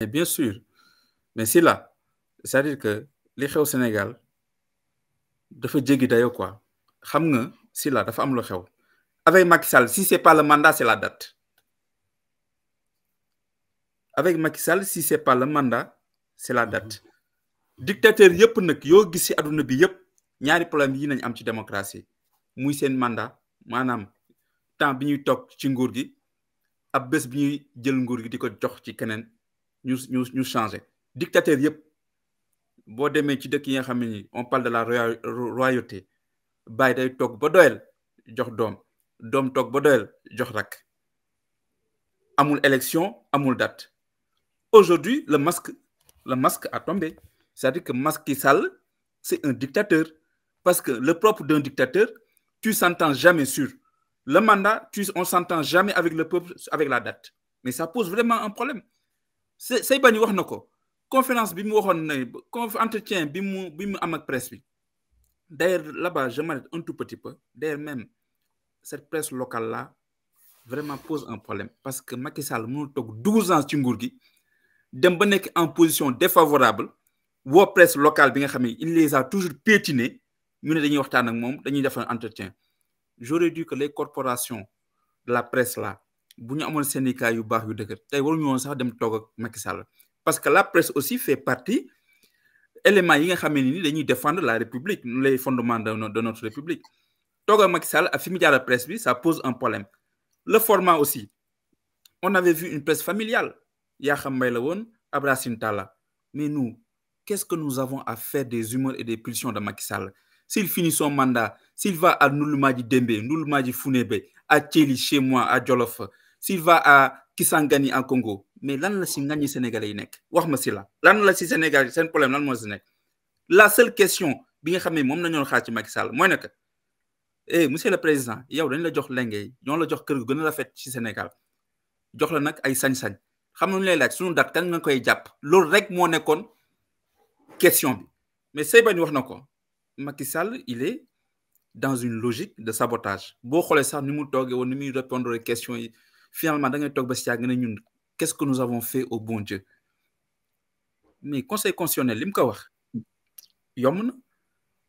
et bien sûr, mais c'est là. C'est-à-dire que li xew Sénégal dafa jéggi dayo quoi xam nga là la dafa am lu xew avec Macky Sall si c'est pas le mandat c'est la date avec Macky Sall si c'est pas le mandat c'est la date mhm. dictateur yëpp nag yoo gis si àdduna bi yëpp ñaari problème yi nañ am ci démocratie muy seen mandat maanaam temps bi ñuy toog ci nguur gi ab bés bi ñuy jël nguur gi di jox ci nous changer. dictateur on parle de la royauté bàyyi day tok ba Dom jox Dom dom tok ba amul élection amul date aujourd'hui le masque le masque a tombé c'est-à-dire que masque sale, c'est un dictateur parce que le propre d'un dictateur tu s'entends jamais sur le mandat tu on s'entend jamais avec le peuple avec la date mais ça pose vraiment un problème c'est pas na ko conférence bi conférence waxoon ne entretien bi bi presse d'ailleurs là-bas je m'arrête un tout petit peu d'ailleurs même cette presse locale là vraiment pose un problème parce que Macky Sall mënul a 12 ans ci nguur en position défavorable vos presse locale bi nga il les a toujours piétinés ñu dañuy waxtaan ak entretien j'aurais dû que les corporations de la presse là syndicat yu dem parce que la presse aussi fait partie éléments yi nga ni dañuy défendre la république les fondements de notre république toog ak Macky Sall ak fi presse bi ça pose un problème le format aussi on avait vu une presse familiale xam mais nous qu'est-ce que nous avons à faire des humeurs et des pulsions de Macky s'il finit son mandat s'il va à Dembe, Dembe, Noulmadi Founébé à Thierry chez moi à Djolof s'il va à Kisangani en Congo mais lan la si ngañi sénégalais yi nekk wax ma si la lan la si Sénégal seen problème là moi si la seule question bi nga xam ne moom la ñu xaar ci Macky Sall eh monsieur le président yow dañ la jox lenge yi ñoo la jox kër gu gën a rafet ci Sénégal jox la nak ay sañ-sañ xam nga lay laaj suñu date kan nga koy japp loolu rek moo nekkoon question bi mais Seybani wax na ko Macky Sall il est dans une logique de sabotage boo xoolee sax ni mu toogee woon ni muy répondre question yi finalement da ngay toog ba qu'est-ce que nous avons fait au bon Dieu mais conseil constitutionnel li mu ko wax yomb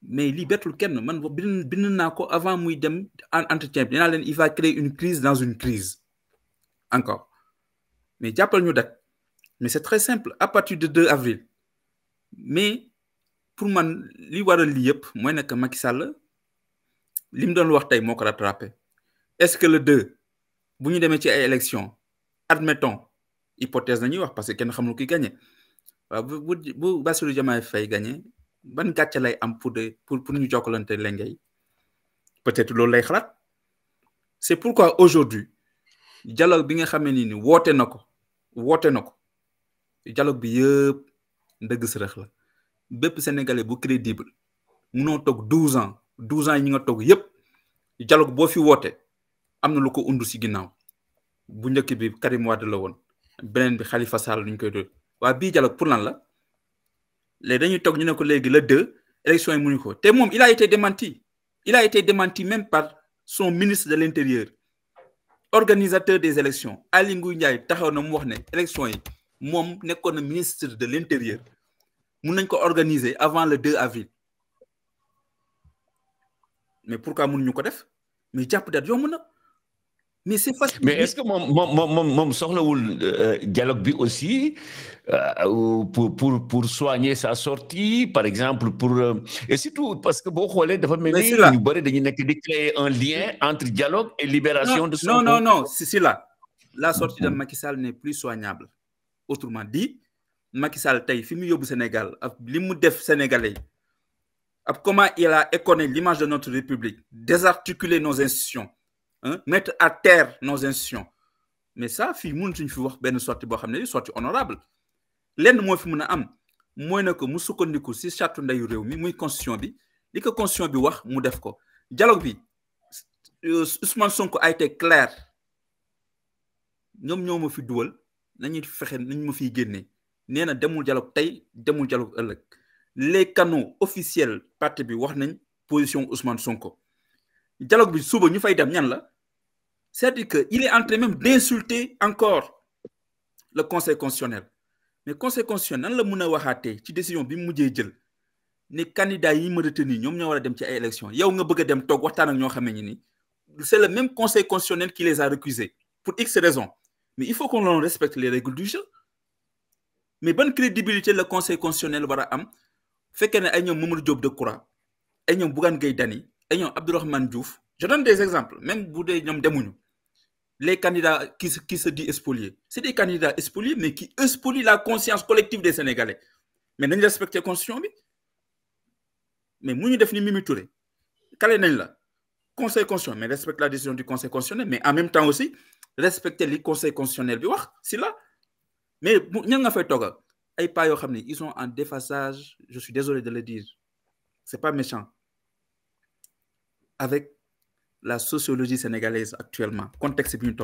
mais lii bettul kenn man bin bin naa ko avant muy dem entretien il va créer une crise dans une crise encore mais jàppal ñu dak mais c'est très simple à partir de 2 avril mais pour man li wara li yep moy nekk Macky Sall li doon wax tay moko rattraper est-ce que le 2 bu ñu demee ci ay élections admettons hypothèse la ñuy wax parce que kenn xamul ki gagné waaw bu bu Bassirou Diomaye fay gagné ban gàcce lay am pour de pour pour ñu jokkalante lengay peut-être loolu lay xalaat c'est pourquoi aujourd'hui dialogue bi nga xamee ni ni woote na ko woote na ko dialogue bi yëpp ndëgg sërëx la bépp sénégalais bu crédible munoo toog 12 ans 12 ans yi ñu nga toog yëpp dialogue boo fi woote amna na lu ko undu ci ginnaaw bu njëkk bi Karim Wade la woon beneen bi Khalifa Sall ñu koy doon waa bii dialogue pour lan la léegi dañuy toog ñu ne ko léegi le deux élection yi mënuñu ko te moom il a été démenti il a été démenti même par son ministre de l' intérieur organisateur des élections ali Ngouille Ndiaye taxaw na mu wax ne élection yi moom nekkoon na ministre de l' intérieur mun nañ ko organiser avant le 2 avril mais pourquoi mënuñu ko def mais jàpp date yomb na mais c'est est-ce que mon, euh, dialogue bi aussi euh, pour pour pour soigner sa sortie par exemple pour euh, et surtout parce que vous xoolee dafa mel ni créer un lien entre dialogue et libération de son non non non c'est là la sortie de mm-hmm. Macky Sall n'est plus soignable autrement dit Macky Sall tey fi mu Sénégal ak li def sénégalais comment il a éconné l'image de notre république désarticulé nos institutions hein, mettre à terre nos institutions mais ça moun tu fi wax ben sortie bo xamné ne sortie honorable lenn moo fi mëna am moy na ko mu sukkandiku si charte ndeyu rew mi muy constitution bi li constitution bi wax mu def ko dialogue bi euh, Ousmane Sonko a été clair Ñom ñoma fi duwal nañuy fexé nañ ma fi génné. Néna na demul dialogue tay, demul dialogue ëlëk. les canaux officiels parti bi wax nañ position Ousmane Sonko dialogue bi suba ñu fay dem ñan la c'est-à-dire que il est en train même d'insulter encore le conseil constitutionnel mais conseil constitutionnel nan la mën a ci décision bi mujjé jël ni candidat yi ma retenir ñom ñoo wara dem ci ay élections yow nga bëgg dem tok waxtaan ak ño ni c'est le même conseil constitutionnel qui les a recusés, pour x raisons mais il faut qu'on l'on respecte les règles du jeu mais bonne crédibilité le conseil constitutionnel wara a am qui ne ay ñoom job de Decroix ay ñoom Bougane gay Dany ayant Abdelrahman Abdourahmane Diouf je donne des exemples même vous dee des demuñu les candidats qui se disent se dit c'est des candidats expoliés, mais qui spolient la conscience collective des Sénégalais mais respectons la constitution mais nous ñu def ni Mimi Touré conseil constitutionnel mais respecte la décision du conseil constitutionnel mais en même temps aussi respectez les conseil constitutionnel mais nous avons fait fay ils sont en déphasage je suis désolé de le dire n'est pas méchant avec la sociologie sénégalaise actuellement contexte et ñu